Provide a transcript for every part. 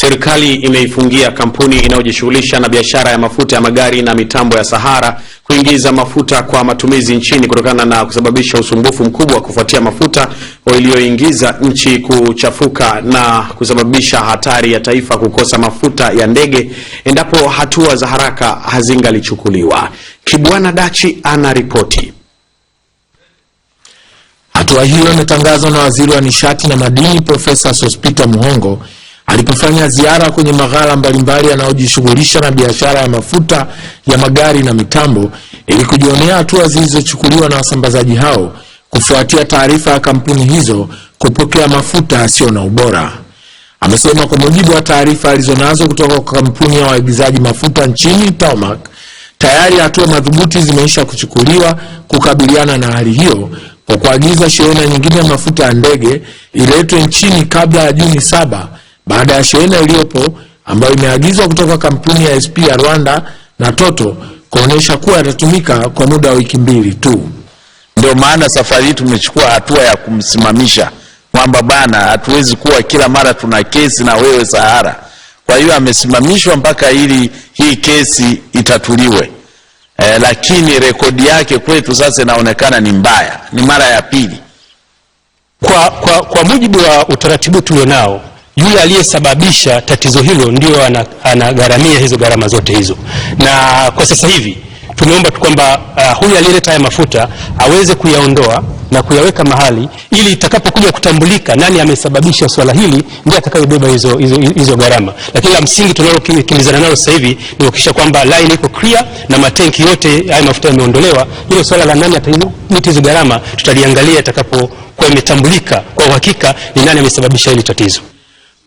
Serikali imeifungia kampuni inayojishughulisha na biashara ya mafuta ya magari na mitambo ya Sahara kuingiza mafuta kwa matumizi nchini kutokana na kusababisha usumbufu mkubwa kufuatia mafuta iliyoingiza nchi kuchafuka na kusababisha hatari ya taifa kukosa mafuta ya ndege endapo hatua za haraka hazingalichukuliwa. Kibwana Dachi anaripoti. Hatua hiyo imetangazwa na waziri wa nishati na madini Profesa Sospita Muhongo Alipofanya ziara kwenye maghala mbalimbali yanayojishughulisha na biashara ya mafuta ya magari na mitambo ili kujionea hatua zilizochukuliwa na wasambazaji hao kufuatia taarifa ya kampuni hizo kupokea mafuta yasiyo na ubora. Amesema kwa mujibu wa taarifa alizonazo kutoka kwa kampuni ya waagizaji mafuta nchini Tomac, tayari hatua madhubuti zimeisha kuchukuliwa kukabiliana na hali hiyo kwa kuagiza shehena nyingine ya mafuta ya ndege iletwe nchini kabla ya Juni saba baada ya shehena iliyopo ambayo imeagizwa kutoka kampuni ya SP ya Rwanda na Toto kuonyesha kuwa yatatumika kwa muda wa wiki mbili tu. Ndio maana safari hii tumechukua hatua ya kumsimamisha kwamba bana, hatuwezi kuwa kila mara tuna kesi na wewe Sahara. Kwa hiyo amesimamishwa mpaka ili hii kesi itatuliwe. E, lakini rekodi yake kwetu sasa inaonekana ni mbaya, ni mara ya pili kwa, kwa, kwa mujibu wa utaratibu tulionao yule aliyesababisha tatizo hilo ndio anagharamia ana hizo gharama zote hizo, na kwa sasa hivi tumeomba tu kwamba uh, huyu aliyeleta haya mafuta aweze kuyaondoa na kuyaweka mahali ili itakapokuja kutambulika nani amesababisha swala hili, ndiye atakayebeba hizo, hizo, hizo gharama. Lakini la msingi tunalokimbizana nalo sasa hivi ni kuhakikisha kwamba line iko clear na matenki yote haya mafuta yameondolewa. Hilo swala la nani atamiti hizo gharama tutaliangalia itakapokuwa imetambulika kwa uhakika ni nani amesababisha hili tatizo.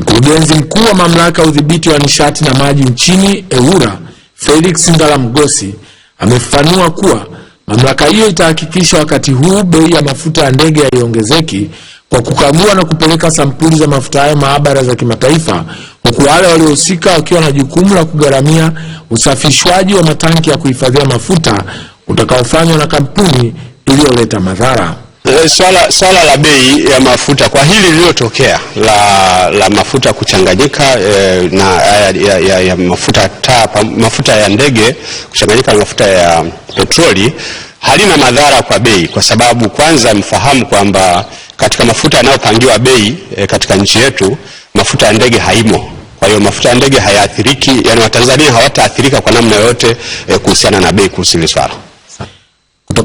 Mkurugenzi mkuu wa mamlaka ya udhibiti wa nishati na maji nchini EWURA Felix Ngala Mgosi amefafanua kuwa mamlaka hiyo itahakikisha wakati huu bei ya mafuta ya ndege haiongezeki kwa kukagua na kupeleka sampuli za mafuta hayo maabara za kimataifa, huku wale waliohusika wakiwa na jukumu la kugharamia usafishwaji wa matanki ya kuhifadhia mafuta utakaofanywa na kampuni iliyoleta madhara. Eh, swala, swala la bei ya mafuta kwa hili lililotokea la, la mafuta kuchanganyika e, na ya, ya, ya mafuta taa, mafuta ya ndege kuchanganyika na mafuta ya petroli halina madhara kwa bei, kwa sababu kwanza mfahamu kwamba katika mafuta yanayopangiwa bei e, katika nchi yetu mafuta ya ndege haimo. Kwa hiyo mafuta ya ndege hayaathiriki, yani Watanzania hawataathirika kwa namna yoyote e, kuhusiana na bei kuhusu hili swala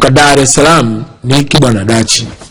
kutoka Dar es Salaam ni Kibwana Dachi.